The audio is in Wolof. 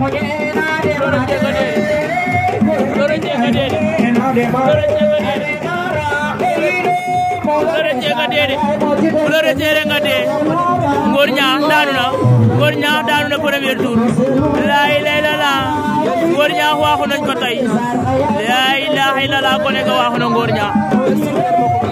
kulore tere ngade la ilaha illallah ngor nya la ilaha illallah ko ne ko waxu